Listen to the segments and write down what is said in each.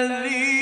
الذي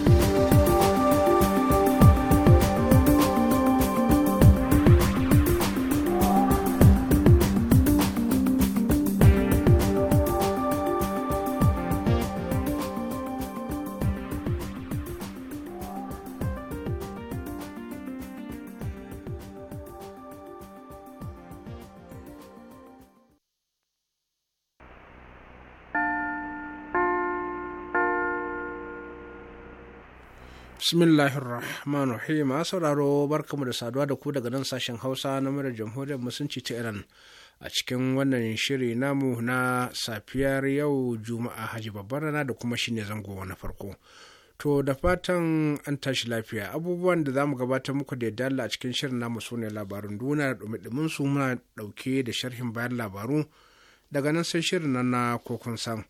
Bismillahirrahmanirrahim. A sauraro barkamu da saduwa da ku daga nan sashen Hausa na murar jamhuriyar musulunci ta Iran a cikin wannan shiri namu na safiyar yau Juma'a Haji babbar rana da kuma shine zango na farko. To da fatan an tashi lafiya abubuwan da za mu gabatar muku da yadda a cikin shirin namu su ne labarun duna da dumi su muna ɗauke da sharhin bayan labaru daga nan sai shirin na kokon samu.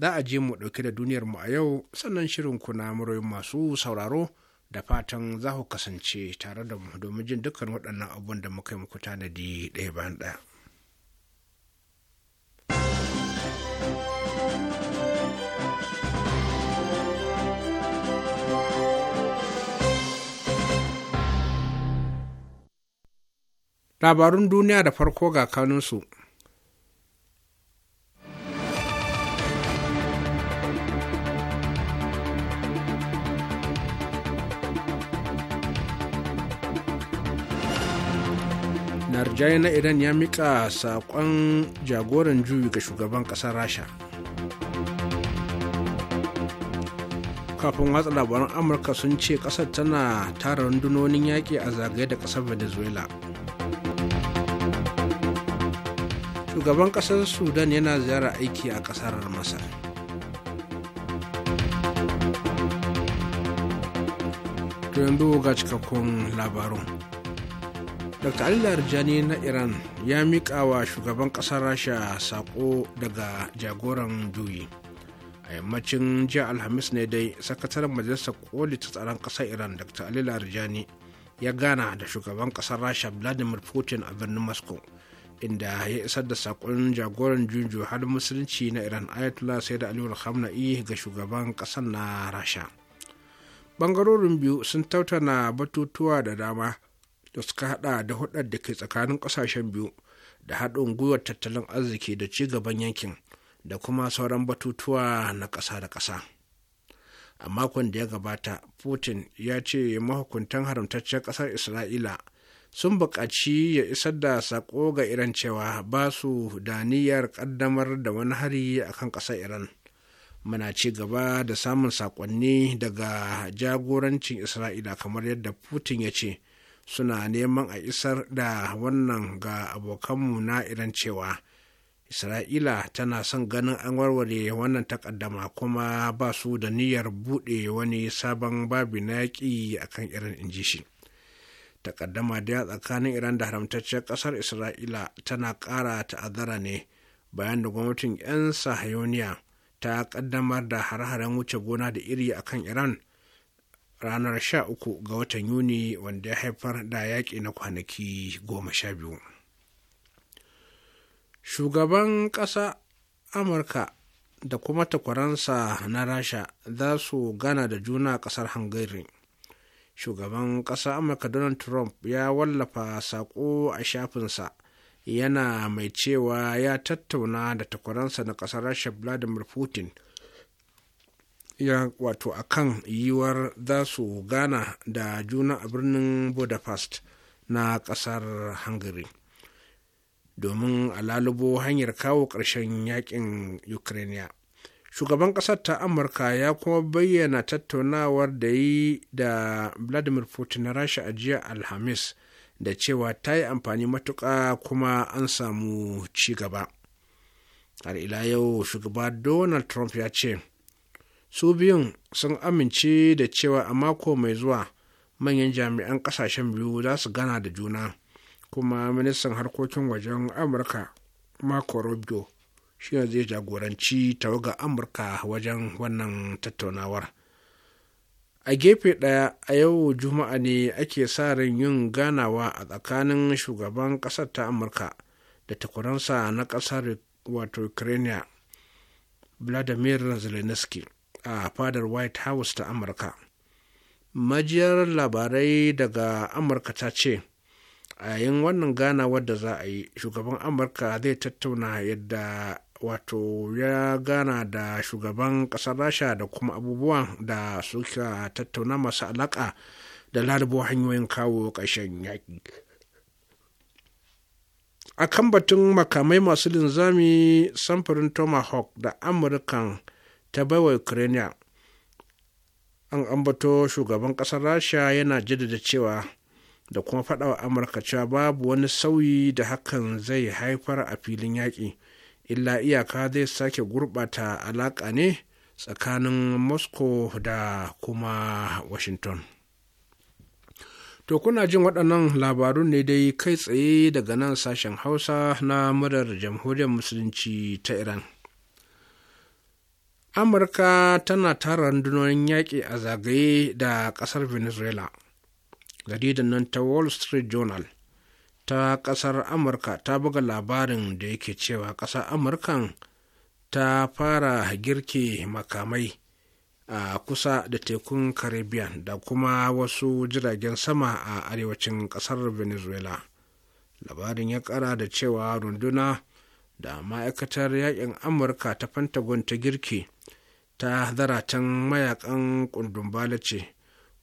za a je mu ɗauke da duniyar mu a yau sannan shirin ku na muryoyin masu sauraro da fatan za ku kasance tare da mu domin jin dukkan waɗannan abun da muka yi muku tanadi ɗaya bayan ɗaya. Labarun duniya da farko ga kanunsu. rinjaye na iran ya mika saƙon jagoran juyi ga shugaban ƙasar rasha kafin watsa labaran amurka sun ce ƙasar tana tara rundunonin yaƙi a zagaye da ƙasar venezuela shugaban ƙasar sudan yana ziyara aiki a ƙasar masar to yanzu ga cikakkun labarun dr ali larjani na iran ya miƙa wa shugaban ƙasar rasha saƙo daga jagoran juyi a yammacin jiya alhamis ne dai sakataren majalisar koli ta tsaron ƙasar iran dr ali larjani ya gana da shugaban ƙasar rasha vladimir putin a birnin moscow inda ya isar da saƙon jagoran juju har musulunci na iran ayatollah sai da aliyu khamenei ga shugaban ƙasar na rasha ɓangarorin biyu sun tautana batutuwa da dama da suka hada da hudar da ke tsakanin kasashen biyu da haɗin gwiwar tattalin arziki da ci gaban yankin da kuma sauran batutuwa na ƙasa da ƙasa a makon da ya gabata putin ya ce mahukuntan haramtaccen ƙasar isra'ila sun buƙaci ya isar da saƙo ga iran cewa ba su da niyyar ƙaddamar da wani hari a kan ƙasar iran muna ci gaba da samun saƙonni daga jagorancin isra'ila kamar yadda putin ya ce suna neman a isar da wannan ga abokanmu na irin cewa isra'ila tana son ganin an warware wannan takaddama kuma ba su da niyyar buɗe wani sabon babi na yaƙi a kan iran inji shi takaddama da ya tsakanin iran da haramtacciyar ƙasar isra'ila tana ƙara ta'azzara ne bayan da gwamnatin 'yan sahayoniya ta ƙaddamar da hare haren wuce gona da iri akan kan iran ranar 13 ga watan yuni wanda ya haifar da yaƙi na kwanaki 12. shugaban ƙasa amurka da kuma takwaransa na rasha za su gana da juna ƙasar hungary shugaban ƙasa amurka donald trump ya wallafa saƙo a shafinsa yana mai cewa ya tattauna da takwaransa na ƙasar rasha vladimir putin ya wato a kan yiwuwar za su gana da juna a birnin budapest na ƙasar hungary domin a lalubo hanyar kawo ƙarshen yakin ukraine shugaban ƙasar ta amurka ya kuma bayyana tattaunawar da yi da vladimir putin na rasha a jiya alhamis da cewa ta yi amfani matuƙa kuma an samu ci gaba har ila yau shugaba donald trump ya ce su biyun sun amince da cewa a mako mai zuwa manyan jami'an kasashen biyu za su gana da juna kuma ministan harkokin wajen amurka marco rubio shi ne zai jagoranci tawaga amurka wajen wannan tattaunawar a gefe ɗaya a yau juma'a ne ake sa ran yin ganawa a tsakanin shugaban ƙasar ta amurka da takwaransa na ƙasar wato ukraine vladimir zelensky a fadar white house ta amurka majiyar labarai daga amurka ta ce a yayin wannan gana da za a yi shugaban amurka zai tattauna yadda wato ya gana da shugaban ƙasar rasha da kuma abubuwan da suka tattauna masu alaƙa da larabo hanyoyin kawo ƙarshen yaƙi a kan batun makamai masu linzami samfurin tomahawk da amurkan ta baiwa ukraine an ambato shugaban ƙasar rasha yana jaddada cewa da kuma faɗawa amurka cewa babu wani sauyi da hakan zai haifar a filin yaƙi illa iyaka zai sake gurɓata alaƙa ne tsakanin moscow da kuma washington to kuna jin waɗannan labarun ne dai kai tsaye daga nan sashen hausa na murar jamhuriyar musulunci ta iran amurka tana tara rundunonin yaƙi a zagaye da ƙasar venezuela jaridar nan ta wall street journal ta ƙasar amurka ta buga labarin da yake cewa ƙasar amurkan ta fara girke makamai a kusa da tekun caribbean da kuma wasu jiragen sama a arewacin ƙasar venezuela labarin ya ƙara da cewa runduna da ma'aikatar yaƙin amurka ta pentagon ta girke ta hadara can mayakan kundumbala ce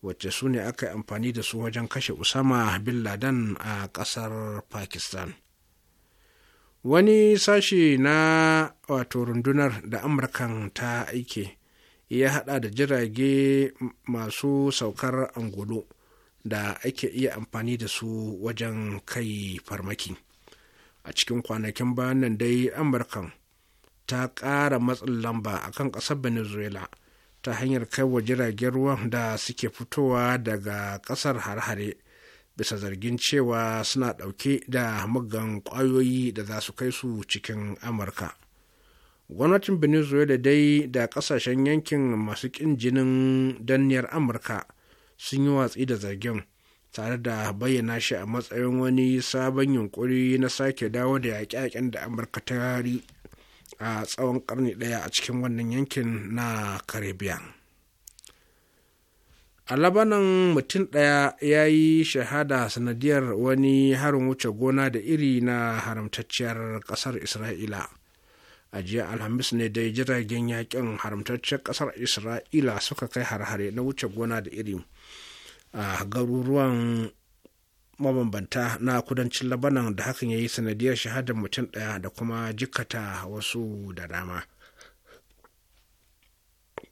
wacce su ne aka yi amfani da su wajen kashe usama bin laden a ƙasar pakistan wani sashi na wato rundunar da amurkan ta aike ya hada da jirage masu saukar angulu da ake iya amfani da su wajen kai farmaki a cikin kwanakin bayan nan dai amurkan ta ƙara matsin lamba a kan ƙasar venezuela ta hanyar kai wa jiragen ruwan da suke fitowa daga ƙasar har-hare bisa zargin cewa suna ɗauke da muggan ƙwayoyi da za su kai su cikin amurka gwamnatin venezuela dai da ƙasashen yankin masu ƙin jinin danniyar amurka sun yi watsi da zargin tare da bayyana shi a matsayin wani sabon yunkuri na sake dawo da yaƙe-yaƙen da amurka ta a tsawon karni ɗaya a cikin wannan yankin na caribbean a labanan mutum ɗaya ya yi shahada sanadiyar wani harin wuce gona da iri na haramtacciyar ƙasar isra'ila a jiya alhamis ne dai jiragen yakin haramtacciyar ƙasar isra'ila suka kai har-hare na wuce gona da iri a garuruwan mabambanta na kudancin labanan da hakan ya yi sanadiyar shahadar mutum ɗaya da kuma jikata wasu da dama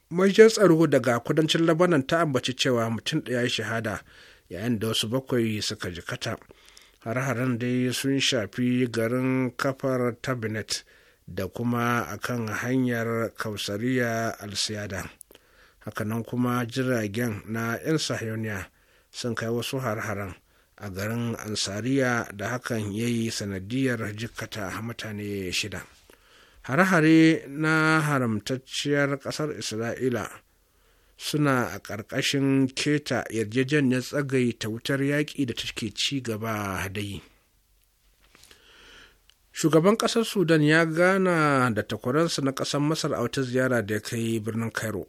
majiyar tsaro daga kudancin labanan ta ambaci cewa mutum ɗaya ya shahada yayin da wasu bakwai suka jikata har-haren dai sun shafi garin kafar tabinet da kuma akan hanyar kausariya alsiyada hakanan kuma jiragen na 'yan sahiyoniya sun kai wasu har-haren a garin ansariya da hakan ya yi sanadiyar jikata mutane shida hare-hare na haramtacciyar ƙasar isra'ila suna a ƙarƙashin keta yarjejeniyar ta wutar yaƙi da take ci gaba da yi shugaban ƙasar sudan ya gana da takwaransa na ƙasar masar a wata ziyara da ya kai birnin cairo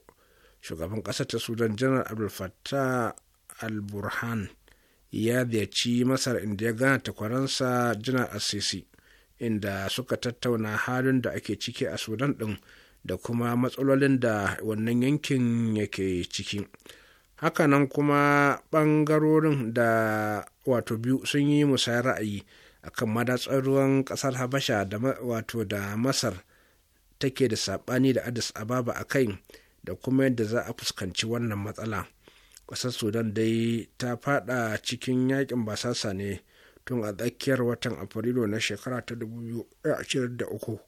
shugaban ƙasar ta sudan janar abdulfattah al-burhan ya ziyarci masar inda ya gana takwaransa janar assisi inda suka tattauna halin da ake ciki a sudan ɗin da kuma matsalolin da wannan yankin yake ciki hakanan kuma ɓangarorin da wato biyu sun yi musayar ra'ayi a kan madatsar ruwan ƙasar habasha da wato da masar take da saɓani da addis ababa a kai da kuma yadda za a fuskanci wannan matsala ƙasar sudan dai ta fada cikin yakin basasa ne tun a tsakiyar watan afrilu na shekara ta 2023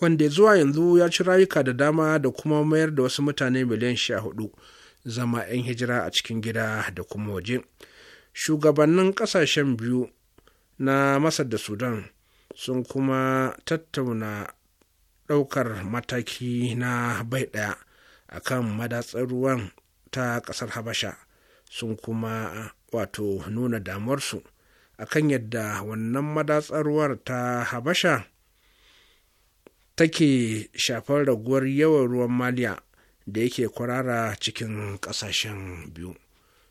wanda zuwa yanzu ya ci rayuka da dama da kuma mayar da wasu mutane miliyan 14 zama 'yan hijira a cikin gida da kuma waje shugabannin kasashen biyu na masar da sudan sun kuma tattauna ɗaukar mataki na bai ɗaya akan madatsar ruwan ta ƙasar habasha sun kuma wato nuna damuwarsu akan yadda wannan madatsarwar ta habasha take shafar raguwar yawan ruwan maliya da yake kwarara cikin ƙasashen biyu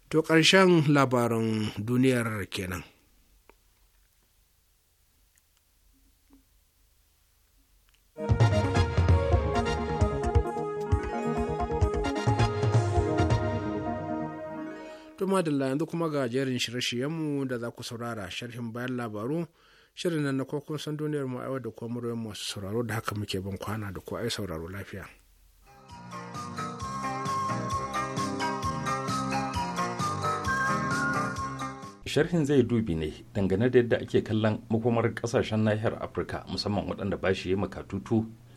to ƙarshen labarin duniyar kenan thank you to madalla yanzu kuma ga jerin shirye-shiryenmu da za ku saurara sharhin bayan labaru shirin nan na kokon san duniyar mu aiwa da kuma muryoyin masu sauraro da haka muke ban kwana da ko ai sauraro lafiya. sharhin zai dubi ne dangane da yadda ake kallon makomar kasashen nahiyar afirka musamman waɗanda ba shi yi makatutu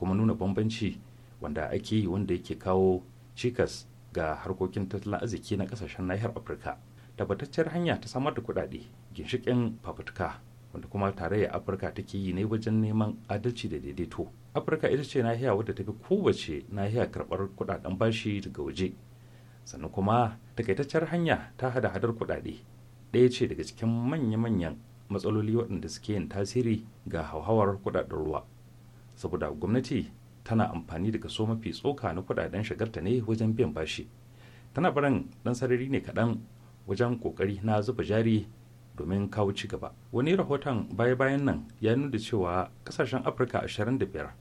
kuma nuna bambanci wanda ake yi wanda yake kawo cikas ga harkokin tattalin arziki na kasashen nahiyar afirka tabbataccen hanya ta samar da kuɗaɗe ginshiƙin fafutuka wanda kuma tarayya afirka take yi ne wajen neman adalci da daidaito afirka ita ce nahiya wadda ta fi kowace nahiya karɓar kuɗaɗen bashi daga waje sannan kuma takaitaccen hanya ta hada hadar kuɗaɗe ɗaya ce daga cikin manya-manyan matsaloli waɗanda suke yin tasiri ga hauhawar kuɗaɗen ruwa saboda gwamnati tana amfani da kaso mafi tsoka na kudaden shigarta ne wajen biyan bashi tana barin dan sarari ne kaɗan wajen kokari na zuba jari domin kawo ci gaba wani rahoton baya-bayan nan ya nuna cewa kasashen afirka 25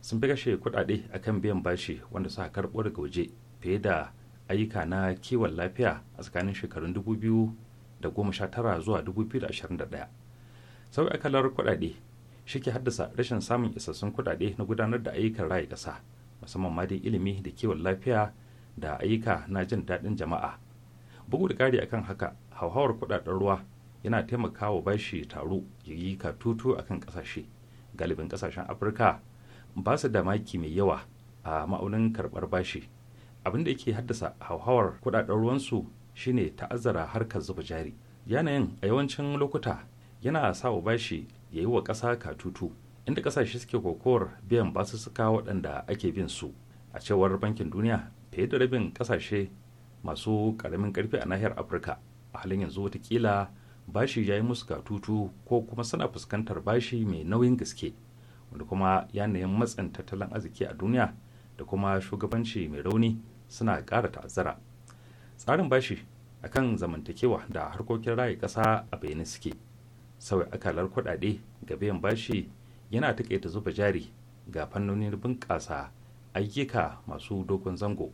sun fi kashe kudade akan biyan bashi wanda suka karɓo daga waje fiye da ayyuka na kiwon lafiya a tsakanin shekarun 2019 zuwa 2021 sau akalar kudade shi ke haddasa rashin samun isassun kuɗaɗe na gudanar da ayyukan raya ƙasa musamman ma dai ilimi da kiwon lafiya da ayyuka na jin daɗin jama'a bugu da ƙari akan haka hauhawar kuɗaɗen ruwa yana taimakawa bashi taro ya yi katutu akan ƙasashe galibin ƙasashen afirka ba su da maki mai yawa a ma'aunin karɓar bashi abin da yake haddasa hauhawar kuɗaɗen ruwansu shine ta'azzara harkar zuba jari yanayin a yawancin lokuta yana sa bashi ya yi wa ƙasa katutu inda ƙasashe suke kokowar biyan basussuka waɗanda ake bin su a cewar bankin duniya fiye da rabin ƙasashe masu ƙaramin ƙarfi a nahiyar afirka a halin yanzu watakila bashi ya yi musu katutu ko kuma suna fuskantar bashi mai nauyin gaske wanda kuma yanayin matsin tattalin arziki a duniya da kuma shugabanci mai rauni suna ƙara ta'azzara tsarin bashi akan zamantakewa da harkokin raye ƙasa a bayyane suke sauya akalar kuɗaɗe ga biyan bashi yana taƙaita zuba jari ga fannonin bunƙasa ayyuka masu dogon zango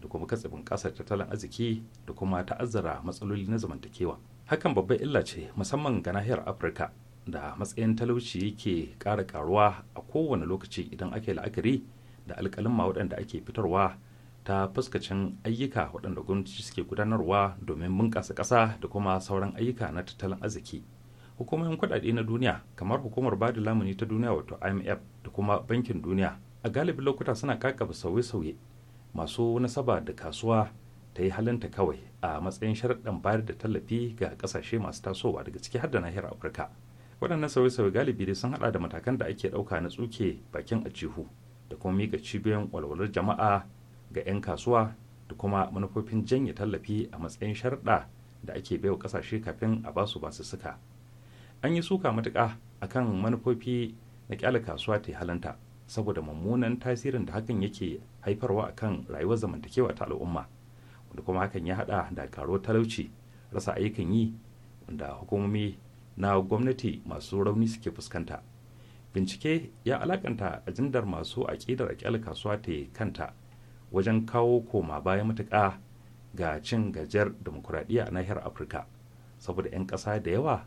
da kuma katsibin ƙasar tattalin arziki da kuma ta'azzara matsaloli na zamantakewa hakan babbar illa ce musamman ga nahiyar afirka da matsayin talauci yake ƙara karuwa a kowane lokaci idan ake la'akari da alƙalin waɗanda ake fitarwa ta fuskacin ayyuka waɗanda gwamnati suke gudanarwa domin bunƙasa ƙasa da kuma sauran ayyuka na tattalin arziki hukumomin kudade na duniya kamar hukumar bada lamuni ta duniya wato imf da kuma bankin duniya a galibin lokuta suna kakaba sauye-sauye masu nasaba da kasuwa ta yi halinta kawai a matsayin sharaɗin bayar da tallafi ga ƙasashe masu tasowa daga ciki har da nahiyar afirka waɗannan sauye-sauye galibi dai sun haɗa da matakan da ake ɗauka na tsuke bakin a cihu da kuma miƙa cibiyoyin walwalar jama'a ga 'yan kasuwa da kuma manufofin janye tallafi a matsayin sharaɗa da ake baiwa ƙasashe kafin a basu basu suka an yi suka matuƙa kan manufofi na ƙyale kasuwa ta halanta saboda mummunan tasirin da hakan yake haifarwa a kan rayuwar zamantakewa ta al'umma wanda kuma hakan ya haɗa da karo talauci rasa ayyukan yi wanda hukumomi na gwamnati masu rauni suke fuskanta bincike ya alakanta ajandar masu aƙidar ƙyale kasuwa ta kanta wajen kawo koma baya matuƙa ga cin gajiyar demokuraɗiyya a nahiyar afirka saboda 'yan ƙasa da yawa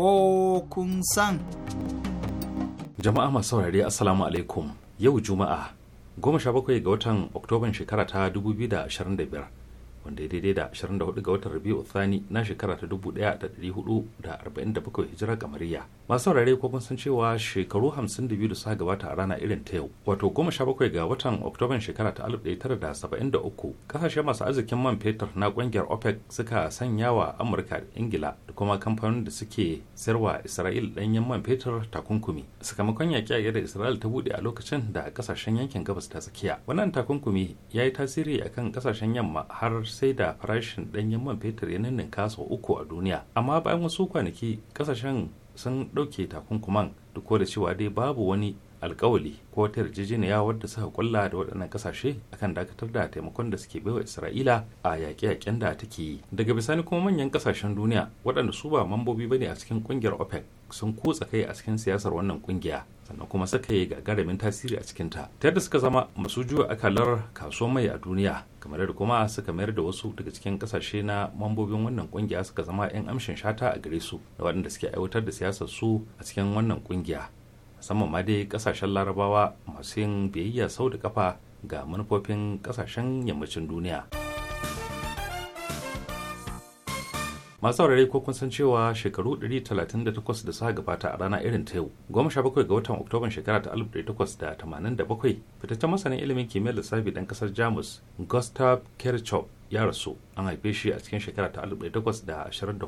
ko kun san. Jama'a masu saurari Assalamu alaikum yau Juma'a 17 ga watan Oktoban shekara ta 2025 wanda ya daidai da 24 ga watan Rabiu Thani na shekara ta 1447 hijira kamariya. Masu saurare ko kun san cewa shekaru 52 da suka gabata a rana irin ta yau, wato 17 ga watan Oktoban shekara ta 1973, kasashe masu arzikin man fetur na kungiyar OPEC suka sanya wa Amurka da Ingila da kuma kamfanin da suke sayarwa Isra'il danyen man fetur takunkumi. Sakamakon yaƙe da Isra'il ta bude a lokacin da kasashen yankin gabas ta tsakiya. Wannan takunkumi ya yi tasiri akan kasashen yamma har sai da farashin ɗanyen man fetur ya ninkasa kaso uku a duniya amma bayan wasu kwanaki ƙasashen sun ɗauke takunkuman duk da cewa dai babu wani alkawali ko wata yarjejeniya wadda suka kulla da waɗannan kasashe akan dakatar da taimakon da suke baiwa isra'ila a yaƙe-yaƙen da take yi daga bisani kuma manyan kasashen duniya waɗanda su ba mambobi ne a cikin ƙungiyar opec sun kutsa kai a cikin siyasar wannan ƙungiya sannan kuma suka yi gagarumin tasiri a cikin ta ta yadda suka zama masu juya akalar kasuwar mai a duniya kamar da kuma suka mayar da wasu daga cikin kasashe na mambobin wannan kungiya suka zama 'yan amshin shata a gare su da waɗanda suke aiwatar da siyasar su a cikin wannan kungiya musamman ma dai kasashen larabawa masu yin biyayya sau da kafa ga manufofin kasashen yammacin duniya. masu saurare ko kun san cewa shekaru 138 da suka gabata a rana irin ta yau goma sha bakwai ga watan oktoban shekara ta 1887 fitaccen masanin ilimin kimiyyar lissafi dan kasar jamus gustav kirchhoff ya rasu an haife shi a cikin shekara ta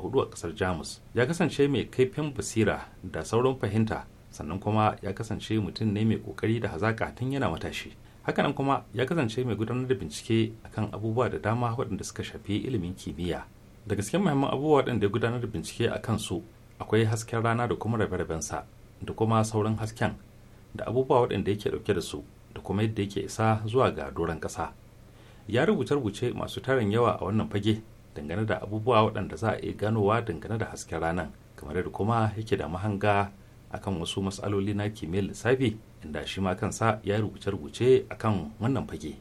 hudu a kasar jamus ya kasance mai kaifin basira da sauran fahimta sannan kuma ya kasance mutum ne mai kokari da hazaka tun yana matashi hakanan kuma ya kasance mai gudanar da bincike akan abubuwa da dama waɗanda suka shafi ilimin kimiyya da gaske mahimman abubuwa ɗin da ya gudanar da bincike a kansu akwai hasken rana da kuma rabe-rabensa da kuma sauran hasken da abubuwa waɗanda yake ɗauke da su da kuma yadda yake isa zuwa ga doron ƙasa ya rubuce rubuce masu tarin yawa a wannan fage dangane da abubuwa waɗanda za a iya ganowa dangane da hasken ranar kamar yadda kuma yake da mahanga akan wasu matsaloli na kimiyyar lissafi inda shi ma kansa ya rubuce rubuce akan wannan fage.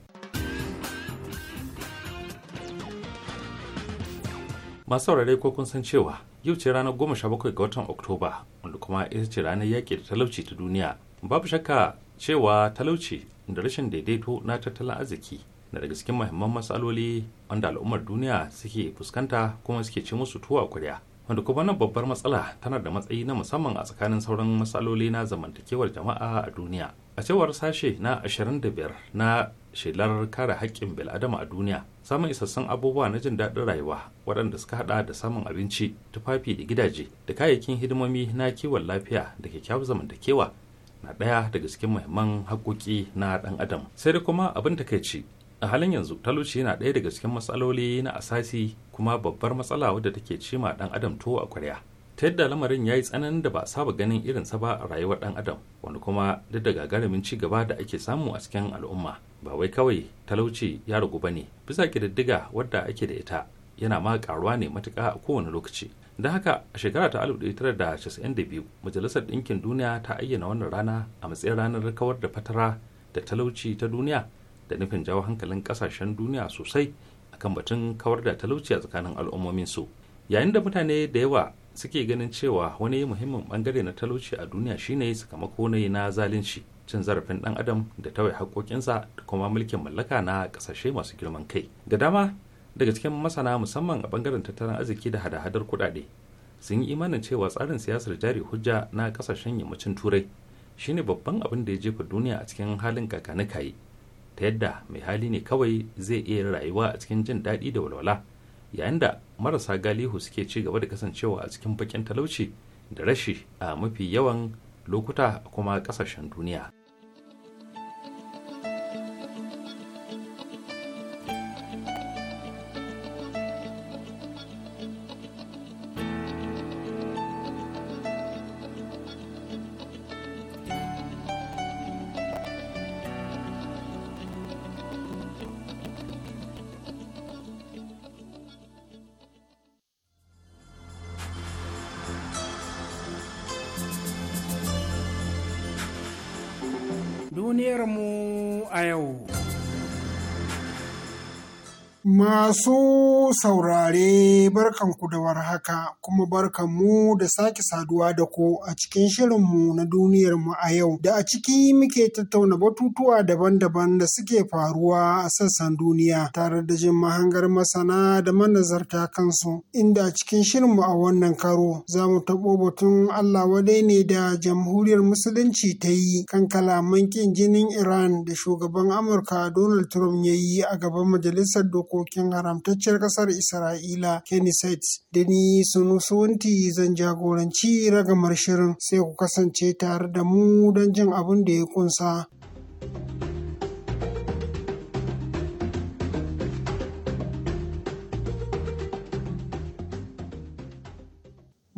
masu saurare ko kun san cewa yau ce ranar goma sha bakwai ga watan oktoba wanda kuma ita ce ranar yaƙi da talauci ta duniya babu shakka cewa talauci da rashin daidaito na tattalin arziki na daga cikin mahimman matsaloli wanda al'ummar duniya suke fuskanta kuma suke ci musu tuwa kuriya wanda kuma nan babbar matsala tana da matsayi na musamman a tsakanin sauran matsaloli na zamantakewar jama'a a duniya a cewar sashe na 25 na shelar kare haƙƙin bil'adama a duniya samun isassun abubuwa na jin daɗin rayuwa waɗanda suka haɗa da samun abinci tufafi da gidaje da kayayyakin hidimomi na kiwon lafiya da kyakkyawar zamantakewa na ɗaya daga cikin muhimman haƙƙoƙi na ɗan adam sai da kuma abin takaici a halin yanzu talauci yana ɗaya daga cikin matsaloli na asasi kuma babbar matsala wadda take cima ɗan adam tuwo a kwarya ta yadda lamarin ya yi tsananin da ba a saba ganin irinsa ba a rayuwar dan adam wani kuma duk da gagarumin ci gaba da ake samu a cikin al'umma ba wai kawai talauci ya ragu ba ne bisa ƙididdiga wadda ake da ita yana ma karuwa ne matuƙa a kowane lokaci don haka a shekara ta 1992 majalisar ɗinkin duniya ta ayyana wannan rana a matsayin ranar kawar da fatara da talauci ta duniya da nufin jawo hankalin ƙasashen duniya sosai akan batun kawar da talauci a tsakanin al'ummomin su yayin da mutane da yawa suke ganin cewa wani muhimmin bangare na talauci a duniya shine sakamako ne na zalunci cin zarafin dan adam da tawaye haƙoƙinsa da kuma mulkin mallaka na ƙasashe masu girman kai da dama daga cikin masana musamman a bangaren tattalin arziki da hada-hadar kuɗaɗe sun yi imanin cewa tsarin siyasar jari hujja na ƙasashen yammacin turai shine babban abin da ya jefa duniya a cikin halin kaye, ta yadda mai hali ne kawai zai iya rayuwa a cikin jin daɗi da walwala yayin da marasa galihu suke ci gaba da kasancewa a cikin bakin talauci da rashi a mafi yawan lokuta kuma kasashen duniya. So. saurare barkanku da warhaka kuma barkanmu da sake saduwa da ku a cikin shirinmu na duniyar mu a yau da a ciki muke tattauna batutuwa daban-daban da suke faruwa a sassan duniya tare da jin mahangar masana da manazarta kansu inda a cikin mu a wannan karo za mu taɓo batun Allah wadai ne da jamhuriyar musulunci ta yi kan kalaman kin jinin Iran da shugaban Amurka Donald Trump ya yi a gaban majalisar dokokin haramtacciyar ƙasar Isra'ila Kenny Kennisite da ni Sunusuwanti zan jagoranci ragamar shirin sai ku kasance tare da mu don jin abin da ya kunsa.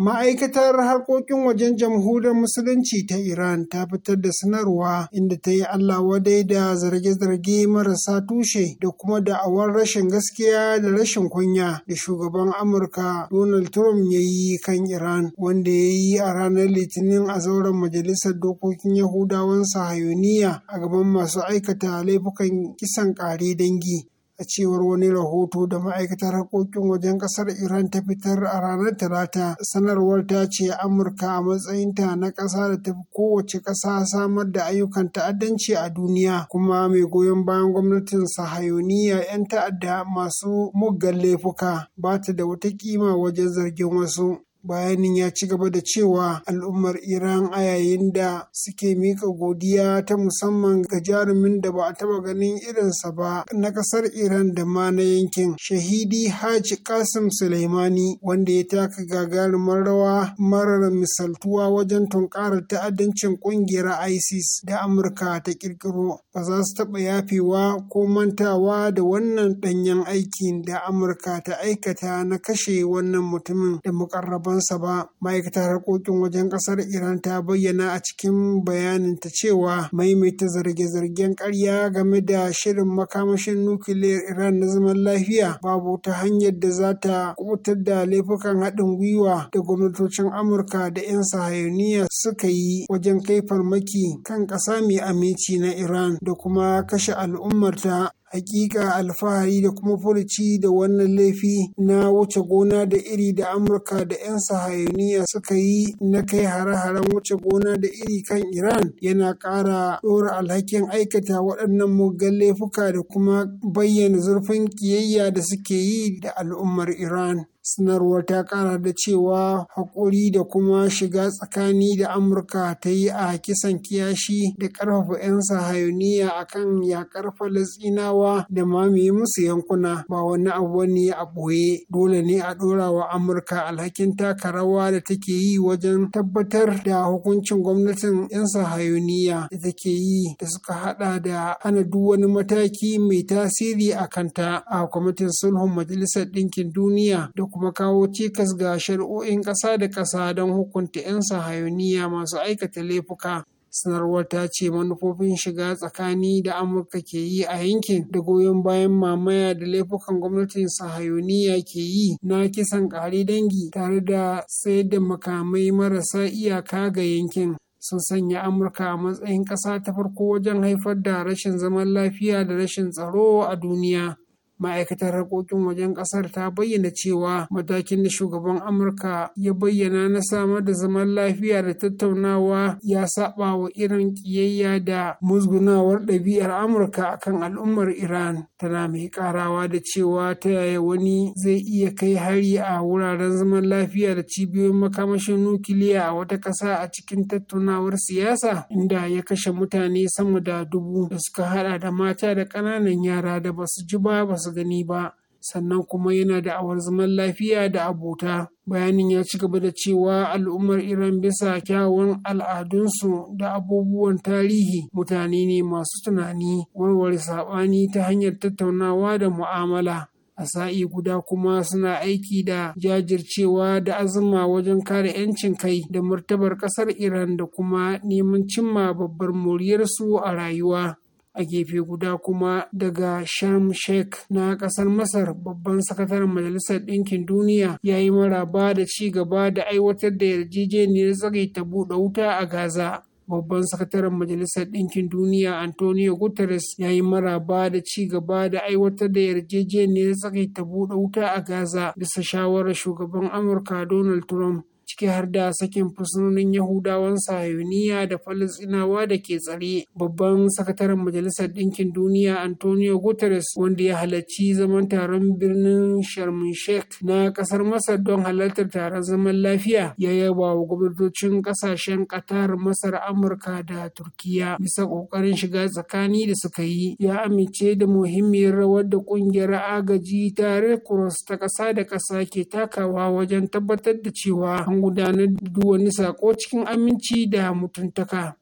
Ma'aikatar harkokin wajen jamhuriyar Musulunci ta Iran ta fitar da sanarwa inda ta yi Allah wadai da zarge-zarge marasa tushe da kuma da'awar rashin gaskiya da rashin kunya da shugaban Amurka Donald Trump ya yi kan Iran wanda ya yi a ranar Litinin a zauren Majalisar Dokokin Yahudawan Sahayuniya a gaban masu aikata laifukan kisan ƙare dangi. a cewar wani rahoto da ma'aikatar harkokin wajen ƙasar iran ta fitar a ranar talata sanarwar ta ce amurka a matsayinta na ƙasa da ta fi kowace ƙasa samar da ayyukan ta'addanci a duniya kuma mai goyon bayan gwamnatin sahayoniya 'yan ta'adda masu muggan laifuka ba ta da wata kima wajen zargin wasu bayanin ya ci gaba da cewa al'ummar iran a yayin da suke mika godiya ta musamman ga jarumin da ba a taba ganin irinsa ba na ƙasar iran da ma na yankin shahidi haji kasim suleimani wanda ya taka gagarumar rawa marar misaltuwa wajen tunkarar ta'addancin ƙungiyar isis da amurka ta ƙirƙiro ba za su taba yafewa ko mantawa da wannan ɗanyen aikin da amurka ta aikata na kashe wannan mutumin da mukarraban ruwansa ba ma'aikatar harkokin wajen ƙasar iran ta bayyana a cikin bayaninta cewa maimaita zarge-zargen karya game da shirin makamashin nukiliyar iran na zaman lafiya babu ta hanyar da za ta kubutar da laifukan haɗin gwiwa da gwamnatocin amurka da 'yan sahayoniya suka yi wajen kai farmaki kan ƙasa mai aminci na iran da kuma kashe al'ummarta hakika alfahari da kuma furuci da wannan laifi na wuce gona da iri da amurka da 'yan sahayoniya suka yi na kai hare-haren wuce gona da iri kan iran yana ƙara ɗora alhakin aikata waɗannan muggan laifuka da kuma bayyana zurfin kiyayya da suke yi da al'ummar iran Sanarwar ta kara da cewa haƙuri da kuma shiga tsakani da Amurka ta yi a kisan kiyashi da ƙarfafa 'yan sahayoniya a kan yaƙar latsinawa, da mamaye musu yankuna ba wani abu ne a ɓoye. Dole ne a ɗora wa Amurka alhakin taka rawa da take yi wajen tabbatar da hukuncin gwamnatin 'yan sahayoniya da take yi da suka haɗa da ana duk wani mataki mai tasiri a kanta a kwamitin sulhun Majalisar Ɗinkin Duniya da kuma kawo cikas ga shari'o'in ƙasa da ƙasa don hukunta 'yan sahayoniya masu aikata laifuka sanarwar ta ce manufofin shiga tsakani da amurka ke yi a yankin da goyon bayan mamaya da laifukan gwamnatin sahayoniya ke yi na kisan ƙari dangi tare da sayar da makamai marasa iyaka ga yankin sun sanya amurka a matsayin ƙasa ta farko wajen haifar da rashin zaman lafiya da rashin tsaro a duniya ma'aikatar harkokin wajen kasar ta bayyana cewa matakin da shugaban amurka ya bayyana na samar da zaman lafiya da tattaunawa ya saba wa irin kiyayya da musgunawar ɗabi'ar amurka akan al'ummar iran tana mai karawa da cewa ta yaya wani zai iya kai hari a wuraren zaman lafiya da cibiyoyin makamashin nukiliya a wata ƙasa a cikin tattaunawar siyasa inda ya kashe mutane sama da dubu da suka hada da mata da ƙananan yara da basu ji ba su gani ba sannan kuma yana da'awar zaman lafiya da abota bayanin ya ci gaba da cewa al'ummar iran bisa kyawun al'adunsu da abubuwan tarihi mutane ne masu tunani warware saɓani ta hanyar tattaunawa da mu'amala a sa'i guda kuma suna aiki da jajircewa da azuma wajen kare 'yancin kai da martabar ƙasar iran da kuma neman cimma babbar moriyarsu a rayuwa a gefe guda kuma daga Sham sheikh na kasar masar babban sakataren majalisar ɗinkin duniya ya yi maraba da ci gaba da aiwatar da yarjejeniyar ta buɗe wuta a gaza babban sakataren majalisar ɗinkin duniya antonio guterres ya yi maraba da ci gaba da aiwatar da yarjejeniyar ta buɗe wuta a gaza bisa shawarar shugaban amurka donald trump ciki har da sakin fursunonin Yahudawan Sahayuniya da falastinawa da ke tsare. Babban sakataren Majalisar Ɗinkin Duniya Antonio Guterres wanda ya halarci zaman taron birnin Sharm Sheikh na ƙasar Masar don halartar taron zaman lafiya ya yaba wa gwamnatocin ƙasashen Qatar, Masar, Amurka da Turkiya bisa ƙoƙarin shiga tsakani da suka yi. Ya amince da muhimmiyar rawar da ƙungiyar agaji tare kuros, Cross ta ƙasa da ƙasa ke takawa wajen tabbatar da cewa an gudanar da wani saƙo cikin aminci da mutuntaka.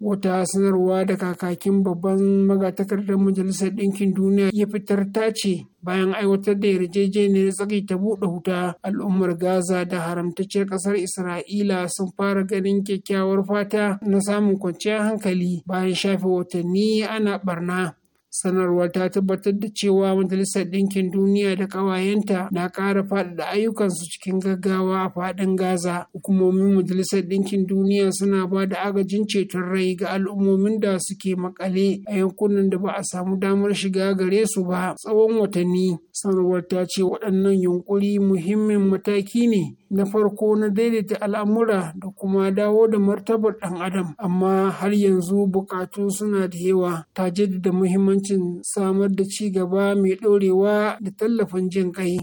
Wata sanarwa da kakakin babban magatakardar Majalisar Ɗinkin Duniya ya fitar ta ce bayan aiwatar da yarjejeniyar tsaki ta buɗe wuta al'ummar Gaza da haramtacciyar ƙasar Isra'ila sun fara ganin kyakkyawar fata na samun kwanciyar hankali bayan shafe watanni ana barna. sanarwar ta tabbatar da cewa majalisar ɗinkin duniya da ƙawayenta na ƙara faɗaɗa ayyukansu cikin gaggawa a faɗin gaza hukumomin majalisar ɗinkin duniya suna ba da agajin ceton rai ga al'ummomin da suke makale a yankunan da ba a samu damar shiga gare su ba tsawon watanni sanarwar ta ce waɗannan yunƙuri muhimmin mataki ne na farko na daidaita al'amura da kuma dawo da martabar ɗan adam amma har yanzu buƙatu suna da yawa ta jaddada muhimmancin samar da ci gaba mai ɗorewa da tallafin jin ƙai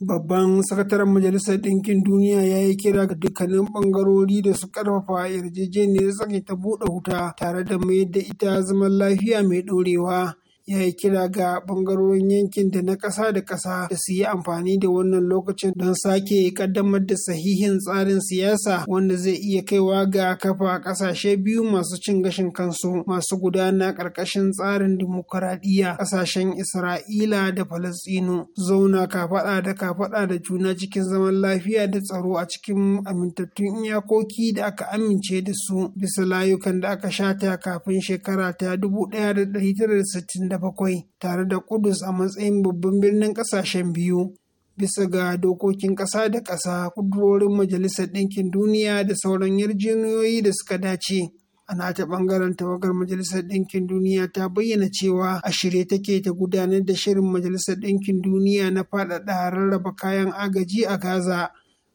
babban sakataren majalisar ɗinkin duniya ya yi kira ga dukkanin ɓangarori da su ƙarfafa yarjejeniyar tsaki buɗe wuta tare da mayar da ita zaman lafiya mai ɗorewa ya yi kira ga bangarorin yankin da na ƙasa da ƙasa da su yi amfani da wannan lokacin don sake kaddamar da sahihin tsarin siyasa wanda zai iya kaiwa ga kafa ƙasashe biyu masu cin gashin kansu masu gudana ƙarƙashin tsarin dimokuraɗiyya ƙasashen isra'ila da Falasinu. zauna kafaɗa da kafaɗa da juna cikin zaman lafiya da tsaro a cikin amintattun iyakoki da aka amince da su bisa layukan da aka shata kafin shekara ta dubu ɗaya da da tara sittin. bakwai, tare da Kudus a matsayin babban birnin ƙasashen biyu. Bisa ga dokokin ƙasa da ƙasa, kudurorin Majalisar Ɗinkin Duniya da sauran yarjejeniyoyi da suka dace. a nata ɓangaren tawagar majalisar ɗinkin duniya ta bayyana cewa a shirye take ta gudanar da shirin majalisar ɗinkin duniya na faɗaɗa rarraba kayan agaji a gaza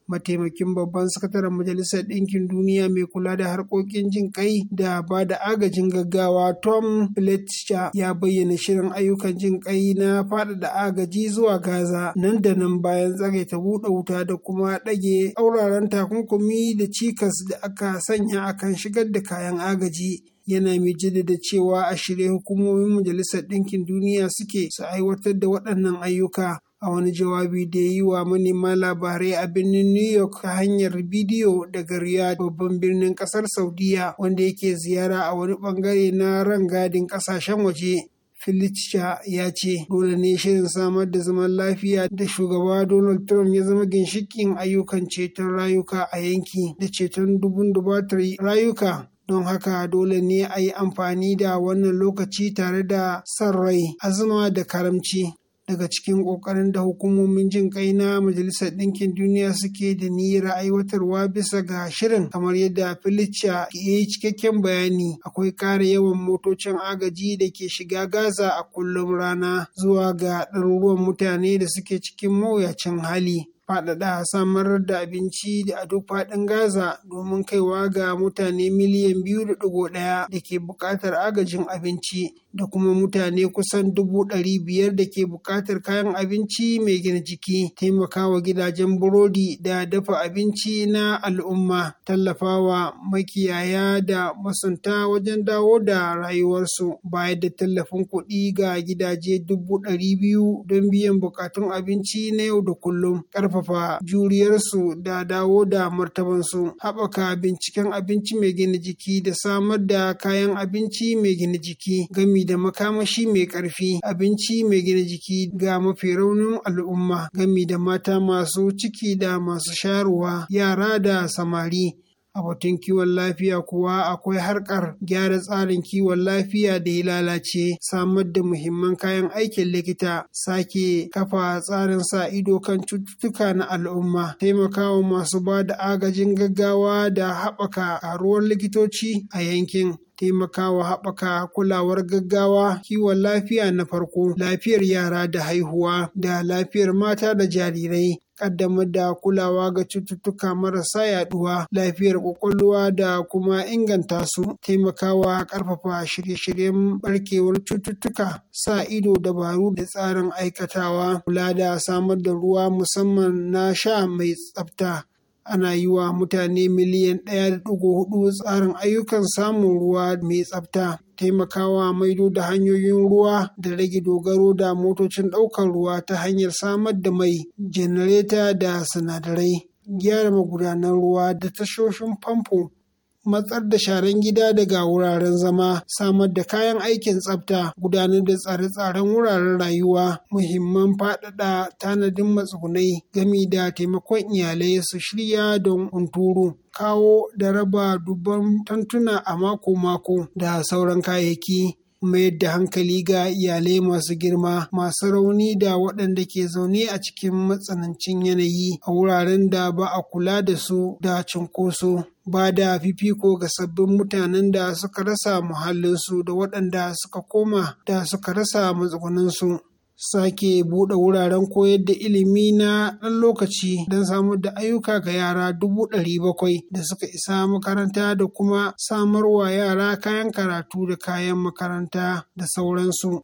mataimakin babban sakataren majalisar ɗinkin duniya mai kula da harkokin jin kai da ba da agajin gaggawa tom fletcher ya bayyana shirin ayyukan jin kai na faɗaɗa agaji zuwa gaza nan da nan bayan tsagaita buɗe wuta da kuma ɗage tsauraran takunkumi da cikas da aka sanya akan shigar da kayan agaji yana mai jaddada cewa a shirye hukumomin majalisar ɗinkin duniya suke su aiwatar da waɗannan ayyuka a wani jawabi da ya yi wa manema labarai a birnin New York ta hanyar bidiyo daga Riyadh babban birnin kasar Saudiya wanda yake ziyara a wani bangare na ran gadin kasashen waje. Filicha ya ce dole ne shirin samar da zaman lafiya da shugaba Donald Trump ya zama ginshikin ayyukan ceton rayuka a yanki da ceton dubun dubatar rayuka don haka dole ne a yi amfani da wannan lokaci tare da san rai azuma da karamci daga cikin ƙoƙarin da hukumomin jin kai na majalisar ɗinkin duniya suke da niyyar aiwatarwa bisa ga shirin kamar yadda filicia ke yi cikakken bayani akwai ƙara yawan motocin agaji da ke shiga gaza a kullum rana zuwa ga ɗaruruwan mutane da suke cikin mawuyacin hali faɗaɗa samar da abinci a duk faɗin Gaza domin kaiwa ga mutane miliyan biyu da ɗigo ɗaya da ke buƙatar agajin abinci da kuma mutane kusan dubu ɗari biyar da ke buƙatar kayan abinci mai gina jiki, taimakawa gidajen burodi da dafa abinci na al'umma, tallafawa makiyaya da masunta wajen dawo da rayuwarsu, bayar da tallafin kuɗi ga gidaje dubu ɗari biyu don biyan buƙatun abinci na yau da kullum, ƙarfafa ƙarfafa juriyarsu da dawo da martabansu haɓaka binciken abinci mai gina jiki da samar da kayan abinci mai gina jiki gami da makamashi mai ƙarfi abinci mai gina jiki ga mafi raunin al'umma gami da mata masu ciki da masu shayarwa yara da samari A batun kiwon lafiya kuwa akwai harkar gyara tsarin kiwon lafiya da ya lalace, samar da muhimman kayan aikin likita, sake kafa tsarin sa ido kan cututtuka na al'umma, taimakawa masu ba da agajin gaggawa da haɓaka a ruwan likitoci a yankin. taimakawa haɓaka kulawar gaggawa kiwon lafiya na farko lafiyar yara da haihuwa da lafiyar mata da jarirai ƙaddamar da kulawa ga cututtuka marasa yaduwa, lafiyar ƙwaƙwalwa da kuma inganta su, taimakawa ƙarfafa shirye-shiryen barkewar cututtuka, sa ido dabaru da tsarin aikatawa, kula da samar da ruwa musamman na sha mai tsafta. ana yi wa mutane miliyan ɗaya da hudu tsarin ayyukan samun ruwa mai tsafta taimakawa maido da hanyoyin ruwa da rage dogaro da motocin ɗaukar ruwa ta hanyar samar da mai janareta da sinadarai gyara magudanan ruwa da tashoshin famfo matsar da sharan gida daga wuraren zama, samar da kayan aikin tsafta, gudanar da tsare-tsaren wuraren rayuwa, muhimman faɗaɗa tanadin matsugunai, gami da taimakon iyalai su shirya don unturu, kawo da raba dubban tantuna a mako-mako da sauran kayayyaki mayar da hankali ga iyalai masu girma masu rauni da waɗanda ke zaune a cikin matsanancin yanayi a wuraren da ba a kula da su da cunkoso ba da fifiko ga sabbin mutanen da suka rasa muhallinsu da waɗanda suka koma da suka rasa matsugunansu sake buɗe wuraren koyar da ilimi na ɗan lokaci don samar da ayyuka ga yara dubu ɗari bakwai da suka isa makaranta da kuma samarwa yara kayan karatu da kayan makaranta da sauransu.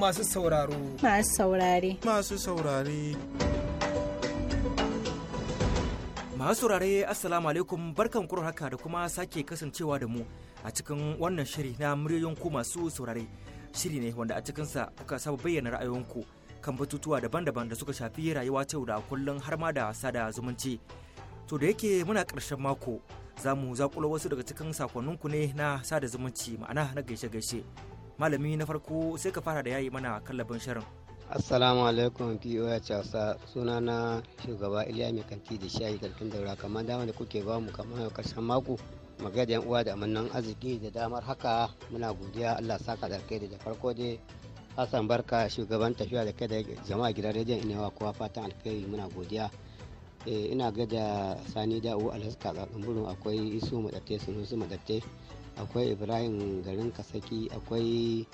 masu sauraro. Masu saurare. Masu saurare. Masu saurare Assalamu alaikum barkan kurar haka da kuma sake kasancewa da mu a cikin wannan shiri na muryoyin ku masu saurare. Shiri ne wanda a cikinsa kuka saba bayyana ra'ayoyinku kan batutuwa daban-daban da suka shafi rayuwa ta da kullum har ma da sada zumunci. To da yake muna ƙarshen mako za mu zakulo wasu daga cikin sakonninku ne na sada zumunci ma'ana na gaishe-gaishe. malami na farko sai ka fara da yayi mana kallabin shirin assalamu alaikum poa casa suna na shugaba iliya mai kanti da shayi karkin daura kamar dama da kuke ba mu kamar karshen mako magana da uwa da amannan arziki da damar haka muna godiya allah saka da kai da farko dai hassan barka shugaban tafiya da kai da jama'a gidan rediyon inewa kowa fatan alkhairi muna godiya eh, ina gada sani da'u alhaska tsatsin burin akwai isu madatte sunusu madatte akwai ibrahim garin kasaki akwai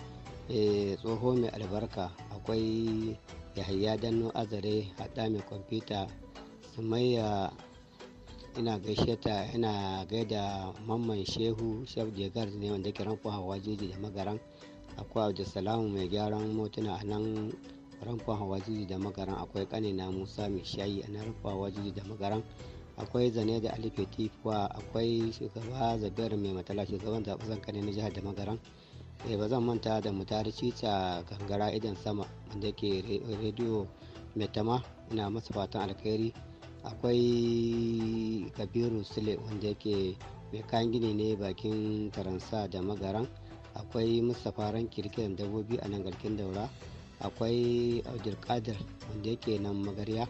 eh, tsoho mai albarka akwai yahaya danno azare hada mai kwamfuta sumayya ina gaishe ta ina gaida mamman shehu shaf jegar ne wanda ke ku hawa jeji da magaran akwai abdulsalamu mai gyaran motuna a nan ranfa hawa jiji da magaran akwai kanina musa mai shayi a nan ranfa hawa jiji da magaran akwai zane da alife tifuwa akwai shugaba zabiyar mai matala shugaban zaɓen kane na jihar Damagaran. magaran eh, ba zan manta da mutari cita gangara idan sama wanda ke rediyo metama ina masa fatan alkhairi akwai kabiru sule wanda yake mai kayan gini ne bakin taransa da magaran akwai mustapha ran kirkiran dabbobi a nan garkin daura akwai abdulkadir wanda yake nan magarya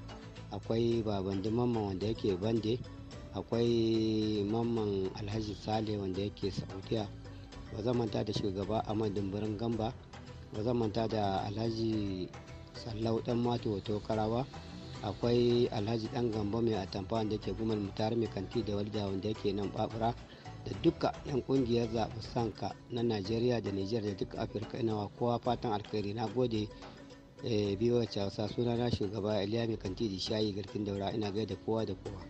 akwai babandi mamman wanda yake bande akwai mamman alhaji sale wanda yake saudiya ba zamanta da shugaba a dumburin gamba ba manta da alhaji sallau dan mato wato karawa akwai alhaji dan gamba mai atamfa wanda yake gumar mutar mai kanti da walda wanda yake nan babura da duka yan kungiyar zaɓi sanka na najeriya da nijar da duka afirka ina kowa fatan alkhairi na gode Eh, biyu hausa suna na shugaba iliya mai kanti da shayi garkin daura ina gaida kowa da kowa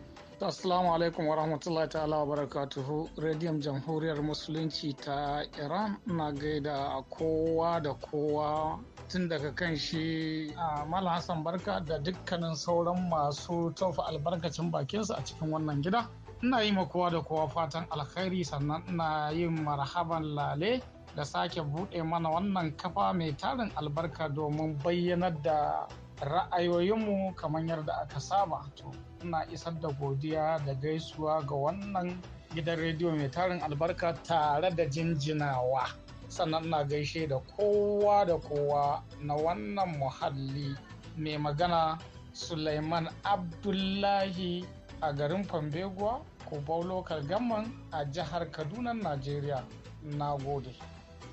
Assalamu alaikum rahmatullahi ta'ala barakatuhu Radiyon Jamhuriyar Musulunci ta Iran na gaida kowa da kowa tun daga kan shi a Mala Hassan Barka da dukkanin sauran masu tofa albarkacin bakinsu a cikin wannan gida. Ina yi kowa da kowa fatan alkhairi sannan ina yin marhaban lale da sake buɗe mana wannan kafa mai tarin albarka domin bayyanar da ra'ayoyinmu kamar yadda aka saba to ina isar da godiya da gaisuwa ga wannan gidan rediyo mai tarin albarka tare da jinjinawa sannan na gaishe da kowa da kowa na wannan muhalli mai magana suleiman abdullahi a garin fambeguwa ko lokal gamman a jihar kaduna najeriya na gode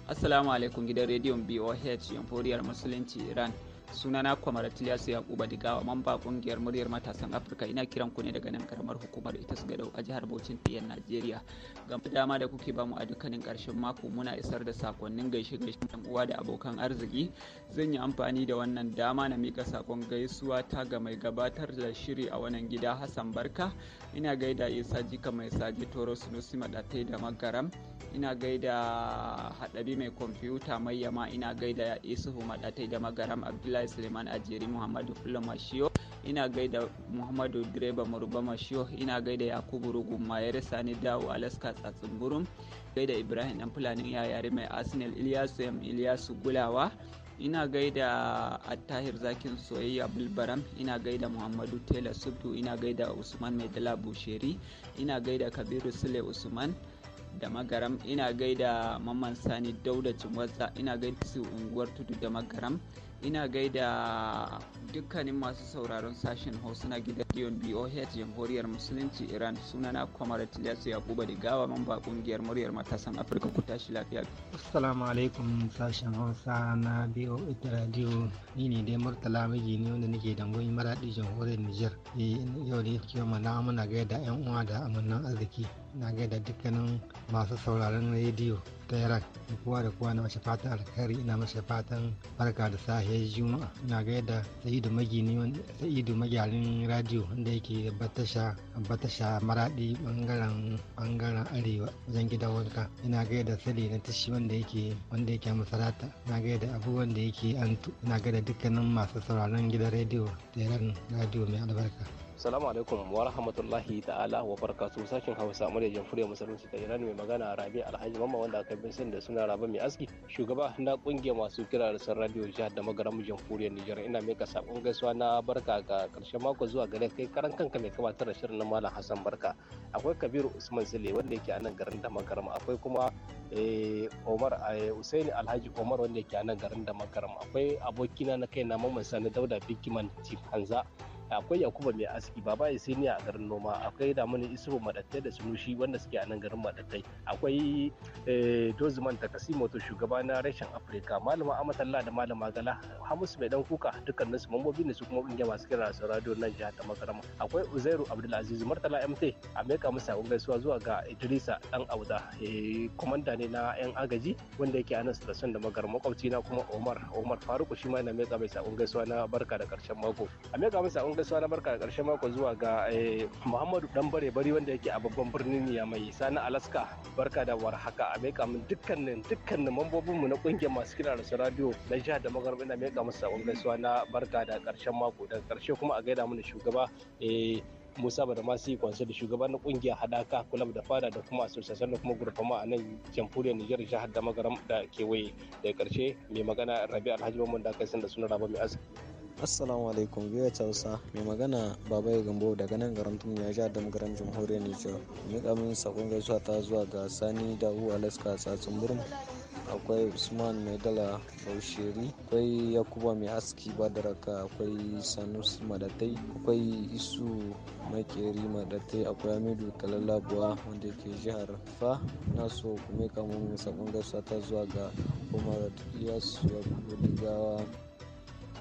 Assalamu alaikum gidan rediyon BOH Yamforiyar Musulunci Iran. sunana kwamar tiliyasu yakuba digawa mamba ƙungiyar muryar matasan afirka ina kiran ku ne daga nan karamar hukumar ita su gadau a jihar bauchin tiyan najeriya ga dama da kuke bamu a dukkanin karshen mako muna isar da sakonnin gaishe gaishe yan uwa da abokan arziki zan yi amfani da wannan dama na mika sakon gaisuwa ta ga mai gabatar da shiri a wannan gida hassan barka ina gaida isa jika mai saje toro sunusi madatai da magaram ina gaida haɗabi mai kwamfuta mai yama ina gaida ya isuhu madatai da magaram abdullahi suleiman ajeri muhammadu fulo mashiyo ina gaida muhammadu direba maruba mashiyo ina gaida yakubu rugun mayar sani dawo alaska tsatsin burum gaida ibrahim dan fulanin yayari mai arsenal Iliyasu, m ilyasu gulawa ina gaida attahir zakin soyayya bilbaram ina gaida muhammadu tela subtu ina gaida usman mai maidala bushiri ina gaida kabiru sule usman da magaram ina gaida mamman sani dauda cimwaza ina gaida su unguwar tudu da magaram ina gaida dukkanin masu sauraron sashen hausa na gidan dion boh jamhuriyar musulunci iran sunana kwamar ya yakuba da gawa mamba kungiyar muryar matasan afirka ku tashi lafiya assalamu alaikum sashen hausa na boh radio ni ne dai murtala miji ne wanda nake dangon maradi jamhuriyar niger eh, yau da yake mana muna gaida yan uwa da amannan arziki na gaida dukkanin masu sauraron rediyo tehran da kowa da kowa na mashi fatan alkhairi ina masa fatan barka da sahiyar juma'a ina ga yadda sa'idu magini sa'idu magyarin radio wanda yake batasha batasha maradi bangaren bangaren arewa wajen gidan wanka ina ga yadda Sali na tashi wanda yake wanda yake masarata ina ga yadda abu wanda yake antu ina ga da dukkanin masu sauraron gidan radio tehran radio mai albarka Salamu alaikum wa rahmatullahi ta'ala wa barakatu sashin Hausa murya jamhuriyar musulunci ta Iran mai magana Rabi Alhaji Mamman wanda aka bin sun da suna Rabi mai aski shugaba na kungiyar masu kira da san radio jihar da magaram jamhuriyar Nijar ina mai ka sakon gaisuwa na barka ga karshen mako zuwa gare kai karan kanka mai kamatar da shirin na Malam Hassan Barka akwai Kabiru Usman Sule wanda yake a nan garin da magaramu akwai kuma eh, Omar eh, Usaini Alhaji Omar wanda yake a nan garin da magaramu akwai abokina na kai na Mamman Sani Dauda Bikiman Chief Hanza akwai yakuba mai aski baba isiniya a garin noma akwai da damani isro madattai da sunushi wanda suke a nan garin madattai akwai dozuman eh, takasimo to shugaba na reshen afirka malama amatalla da malama gala hamisu mai dan kuka dukkanin su mambobi ne su kuma kungiyar masu kira su radio nan jiha ta makarama akwai uzairu abdulaziz murtala mt a meka musa gungai gaisuwa zuwa ga idrisa dan auda eh, komanda ne na yan agaji wanda yake anan su da da magar makwabci na kuma omar omar faruku shi ma yana mai sakon gaisuwa na barka da karshen mako a meka mai sakon gaisuwa na barka da ƙarshen mako zuwa ga eh, Muhammadu Dan Bare Bari wanda yake a babban birnin Yamai Sani Alaska barka da warhaka a meka min dukkanin dukkanin mambobin mu na kungiyar masu kira da su radio na jihar da magharbin da meka musu sakon gaisuwa na barka da ƙarshen mako da ƙarshe kuma a gaida mu da shugaba eh, Musa Badamasi Kwanse da shugaban na kungiyar Hadaka Kulab da Fada da kuma Asusasan da kuma Gurfama a nan jamhuriyar Nijar jihar da magaram da kewaye da karshe mai magana Rabi Alhaji Mamman da aka san da sunan Rabo Mai assalamu alaikum biyu tausa mai magana baba ya gambo daga nan garin tun ya sha garin jamhuriyar nijar miƙa min sabon gaisuwa ta zuwa ga sani da u alaska tsatsun burin akwai usman mai dala bausheri akwai yakuba mai aski badaraka akwai sanusi madatai akwai isu makeri madatai akwai amidu kalalabuwa wanda ke jihar fa na so kuma kamun sabon gaisuwa ta zuwa ga umar iyasu ya gawa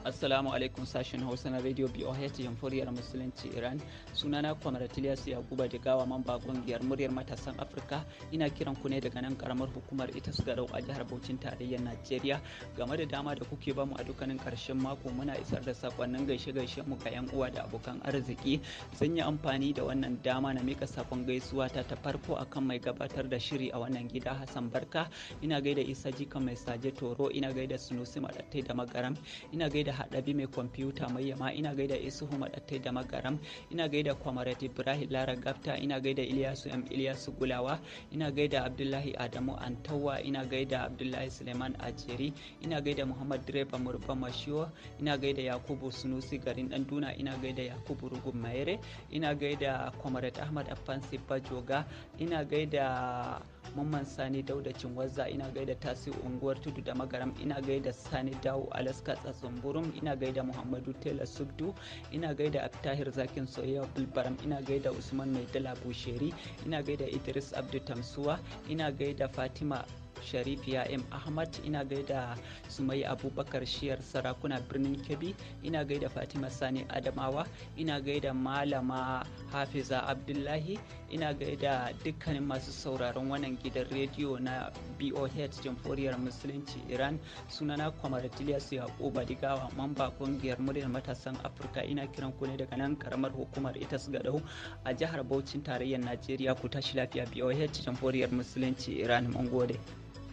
Assalamu alaikum sashen Hausa na Radio BOH Jamhuriyar Musulunci Iran. Sunana Kwamar ya guba da gawa mamba kungiyar muryar matasan Afirka. Ina kiran ku ne daga nan karamar hukumar ita su garau a jihar Bauchin tarayyar Najeriya. Game da dama da kuke bamu a dukkanin karshen mako muna isar da sakonnin gaishe gaishe mu ga yan uwa da abokan arziki. Zan yi amfani da wannan dama na mika sakon gaisuwa ta ta farko akan mai gabatar da shiri a wannan gida Hassan Barka. Ina gaida Isa Jika mai saje Toro, ina gaida Sunusi Madattai da Magaram, ina gaida haɗabi mai kwamfuta mai yama ina gaida isuhu maɗatai da magaram ina gaida kwamarat ibrahim lara gafta ina gaida iliyasu m iliyasu gulawa ina gaida abdullahi adamu antawa ina gaida abdullahi suleiman ajeri ina gaida muhammad direba murba mashiwa ina gaida yakubu sunusi garin dan duna ina gaida yakubu rugun mayere ina gaida kwamarat ahmad afansi bajoga ina gaida Mamman Sani Daudacin Wazza ina gaida Tasi Unguwar Tudu da Magaram ina gaida Sani Dawo Alaska burum ina gaida Muhammadu Taylor Subdu ina gaida Abtahir Zakin Soyayya Bulbaram ina gaida Usman Mai Dala Busheri ina gaida Idris Abdu Tamsuwa ina gaida Fatima sharifiya m ahmad ina gaida sumai abubakar shiyar sarakuna birnin kebi. ina gaida fatima sani adamawa ina gaida malama hafiza abdullahi ina gaida dukkanin masu sauraron wannan gidan rediyo na boh jamhuriyar musulunci iran sunana kwamar tilias yakuba digawa mamba kungiyar muryar matasan afirka ina kiran ku ne daga nan karamar hukumar ita itas gadau a jihar Bauchin tarayyar najeriya ku tashi lafiya boh jamhuriyar musulunci iran mun gode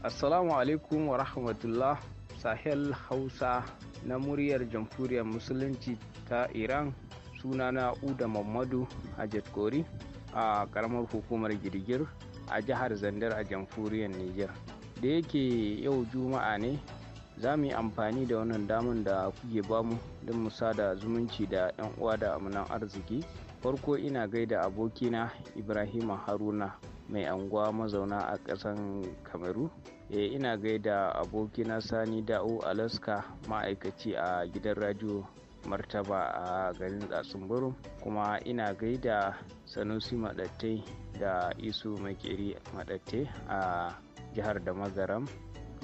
assalamu alaikum wa rahmatullah sahel hausa na muryar jamhuriyar musulunci ta iran sunana uda mamadu hajjat kori a karamar hukumar girgir a jihar zandar a jamhuriyar niger da yake yau juma'a ne za mu yi amfani da wannan damar da kuke bamu don mu da zumunci da 'yan uwa da amunan arziki farko ina gaida abokina ibrahima haruna mai anguwa mazauna a ƙasan kameru e, eh, ina gaida abokina sani dau alaska ma'aikaci a gidan radio martaba a garin tsatsunburu kuma ina gaida sanusi maɗattai da isu makeri maɗattai a jihar da magaram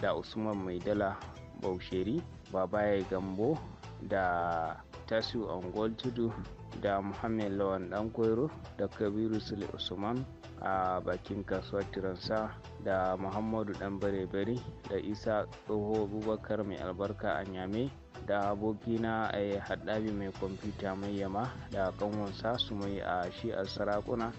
da usman maidala bausheri babaye gambo da tasiu angol tudu da muhammed lawan dan da kabiru sule usman a bakin kasuwar tiransa da muhammadu dan bare da isa tsoho abubakar mai albarka a nyame. da abokina a eh, haɗabi mai kwamfuta mai yama da kanwansa su mai a shi a sarakuna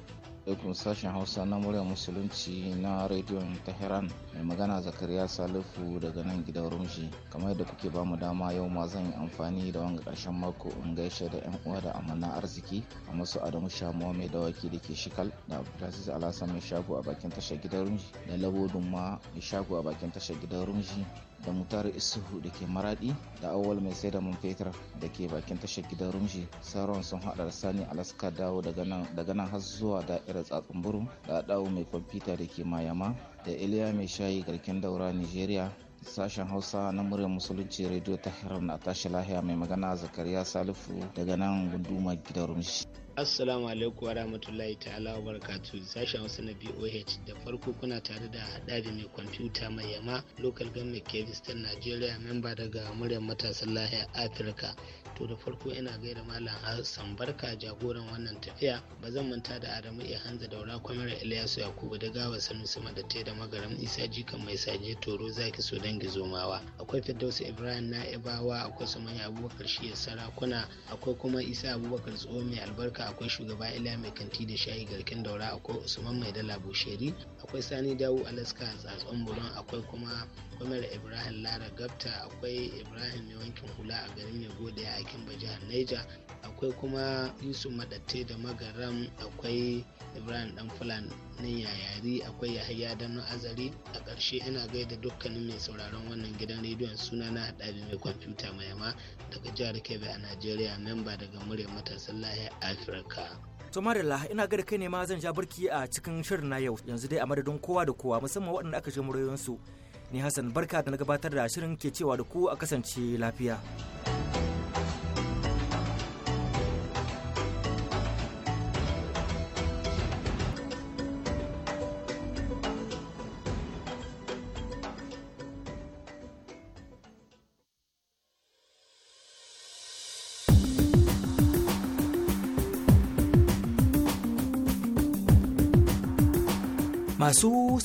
alaikum sashen hausa na murya musulunci na rediyon tahiran mai magana zakariya salifu daga nan gidan rumshi kamar yadda kuke bamu dama yau ma zan yi amfani da wanga karshen mako in gaishe da yan uwa da amana arziki a masu adamu shamuwa mai dawaki da ke shikal da abdulaziz alhassan mai shago a bakin tashar gidan rumshi da labodin ma mai shago a bakin tashar gidan rumshi da mutar isuhu da ke maradi da awal mai sai da man fetur da ke bakin tashar gidan rumshi sauran sun hada da sani alaska dawo daga nan har zuwa da'irar tsatsun buru da dawo mai kwamfuta da ke mayama da iliya mai shayi garken daura nigeria sashen hausa na muryar musulunci radio ta na tashi lahiya mai magana zakariya salifu daga nan gunduma gidan rumshi Assalamu alaikum wa rahmatullahi ta'ala wa barakatu sashen wasu na BOH da farko kuna tare da haɗa mai kwamfuta mai yama local government kevistan nigeria memba daga muryar matasan lahiyar Afirka to da farko ina gaida malam hassan barka jagoran wannan tafiya ba zan manta da adamu iya hanza daura kwamar ilyasu yakubu da gawa sanusi madatai da magaram isa jikan mai saje toro zaki so dangi zomawa akwai firdausu ibrahim na'ibawa akwai su manya abubakar shi sarakuna akwai kuma isa abubakar tsoho mai albarka akwai shugaba ila mai kanti da shayi garkin daura akwai usman mai dala busheri akwai sani dawo alaska tsatson buron akwai kuma kwamar ibrahim lara gabta akwai ibrahim mai wankin hula a garin mai gode a akin jihar niger akwai kuma yusuf madatte da magaram akwai ibrahim dan fulani yayari akwai yahaya da azari a karshe ina gaida dukkanin mai sauraron wannan gidan rediyon suna na haɗari mai kwamfuta mai yama daga jihar kebbi a najeriya memba daga murya matasan lahiyar afirka to marilla ina ga kai ne ma zan ja barki a cikin shirin na yau yanzu dai a madadin kowa da kowa musamman waɗanda aka je murayoyinsu ni hassan barka da na gabatar da shirin ke cewa da ku a kasance lafiya Masu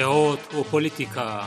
דעות ופוליטיקה.